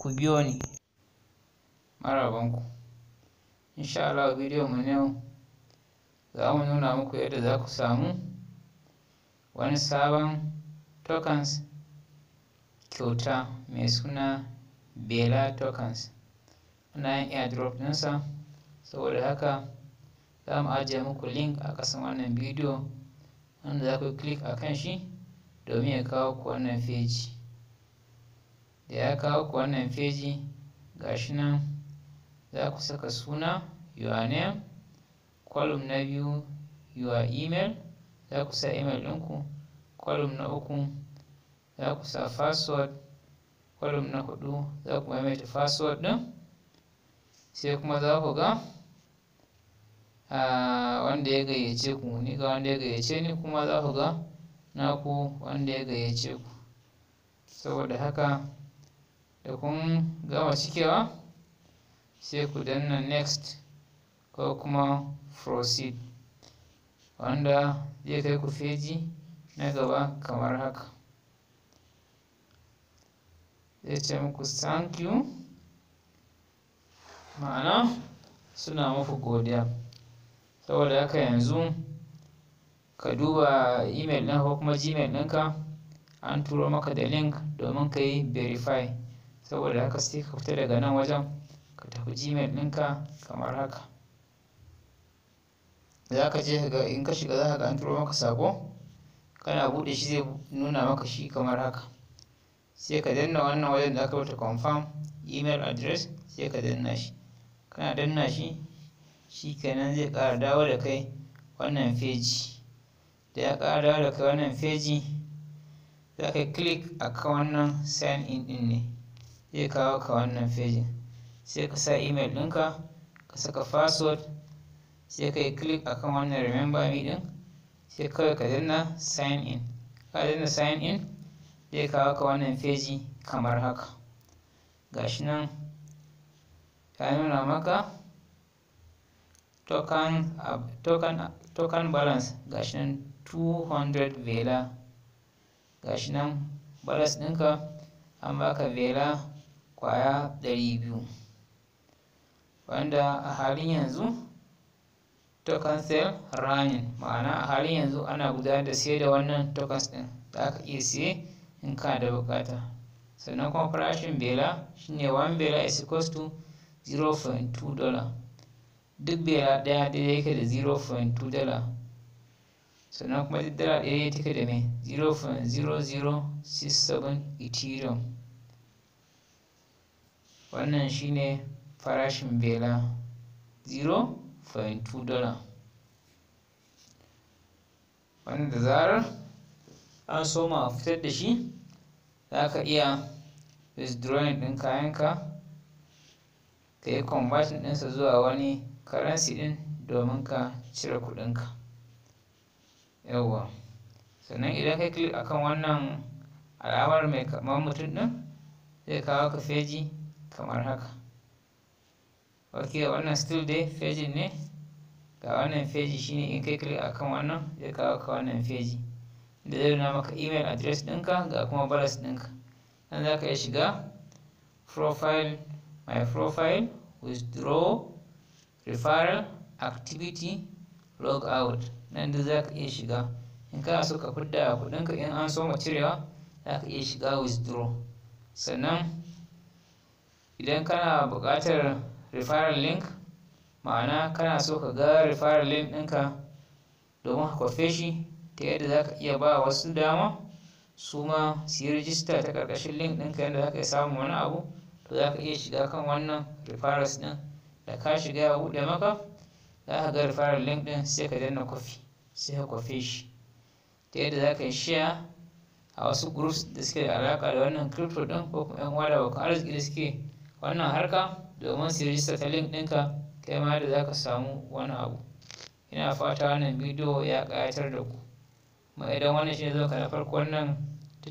ku biyo ni marabanku insha Allah bidiyon mu na za mu nuna muku yadda za ku samu wani sabon tokens kyauta mai suna bela tokens ana yin airdrop ɗinsa saboda haka za mu ajiye muku link a ƙasan wannan bidiyo wanda za ku click a kan shi domin ya kawo ku wannan feji da ya kawo ku wannan feji gashi nan za ku saka suna your name column na biyu your email za ku sa email ɗinku column na uku za ku sa password column na hudu za ku maimaita password ɗin sai kuma za ku ga wanda ya gayyace ku ni ga wanda ya gayyace ni kuma za ku ga naku wanda ya gayyace ku saboda haka da kun gama cikewa sai ku danna next ko kuma proceed wanda zai kai ku feji na gaba kamar haka zai ce muku thank you ma'ana suna muku godiya saboda haka yanzu ka duba email ɗin ko kuma gmail ɗinka an turo maka da link domin ka yi verify saboda haka sai ka fita daga nan wajen ka tafi gmail ɗinka kamar haka za ka je ga in ka shiga za ka ga an turo maka sako kana buɗe shi zai nuna maka shi kamar haka sai ka danna wannan wajen da aka bata confirm email address sai ka danna shi kana danna shi Shi kenan zai ƙara dawo da kai wannan feji da ya ƙara dawo da kai wannan feji za ka yi click kan wannan sign in ɗin ne zai kawo ka wannan fejin sai ka sa email ɗinka ka saka password sai ka yi click akan wannan remember me ɗin sai kawai ka danna sign in ka danna sign in zai kawo ka wannan feji kamar haka gashi nan ta nuna maka token, token, token balance gashi nan 200 vela gashi nan balance ɗinka an baka vela kwaya ɗari biyu wanda a halin yanzu token sale running ma'ana a halin yanzu ana gudanar da sai da wannan tokens ɗin da aka iya siye in ka da bukata sannan kuma farashin bela shine one bela is equals to 0.2 dollar duk bela ɗaya daidai yake da 0.2 dollar sannan kuma duk dala ɗaya take da mai 0.0067 ethereum wannan shine farashin bela 0.2 dollar wanda zarar an soma a fitar da shi za ka iya withdrawing ɗin kayanka ka yi converting ɗinsa zuwa wani currency ɗin domin ka cire kuɗinka yawwa sannan idan ka click akan wannan alamar mai kamar mutum ɗin zai kawo ka feji kamar haka ok wannan still dai fejin ne ga wannan feji shine in kai a akan wannan zai kawo ka wannan feji da zai nuna maka email address ɗinka ga kuma balas ɗinka nan za ka iya shiga profile my profile withdraw referral activity log out nan da za ka iya shiga in kana so ka fidda kuɗinka in an so mu cirewa za ka iya shiga withdraw sannan idan kana buƙatar referral link ma'ana kana so ka ga referral link ɗinka domin ka kwafe shi ta yadda za ka iya ba wasu dama su ma su yi rijista ta ƙarƙashin link ɗinka yadda za ka samu wani abu to za ka iya shiga kan wannan referrals ɗin da ka shiga ya buɗe maka za ka ga referral link ɗin sai ka danna kwafi sai ka kwafe shi ta yadda za ka yi share a wasu groups da suke da alaƙa da wannan crypto ɗin ko kuma 'yan wada abokan arziki da suke wannan harka domin su rijista ta link ɗinka kai ma da za ka samu wani abu ina fata wannan bidiyo ya ƙayatar da ku ma idan wannan shi ne zo ka na farko wannan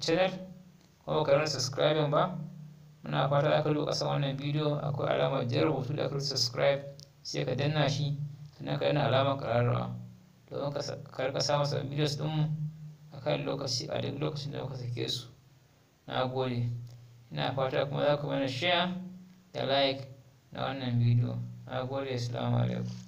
channel ko ka rin subscribe ba muna fata za ka duka wannan bidiyo akwai alamar jan rubutu da aka subscribe sai ka danna shi sannan ka yana alamar ƙararrawa domin ka rika samun sabbin bidiyos ɗinmu a kan lokaci a duk lokacin da ka sake su na gode ina fata kuma za ku mana share da like na wannan bidiyo. Na gode, salamu alaikum.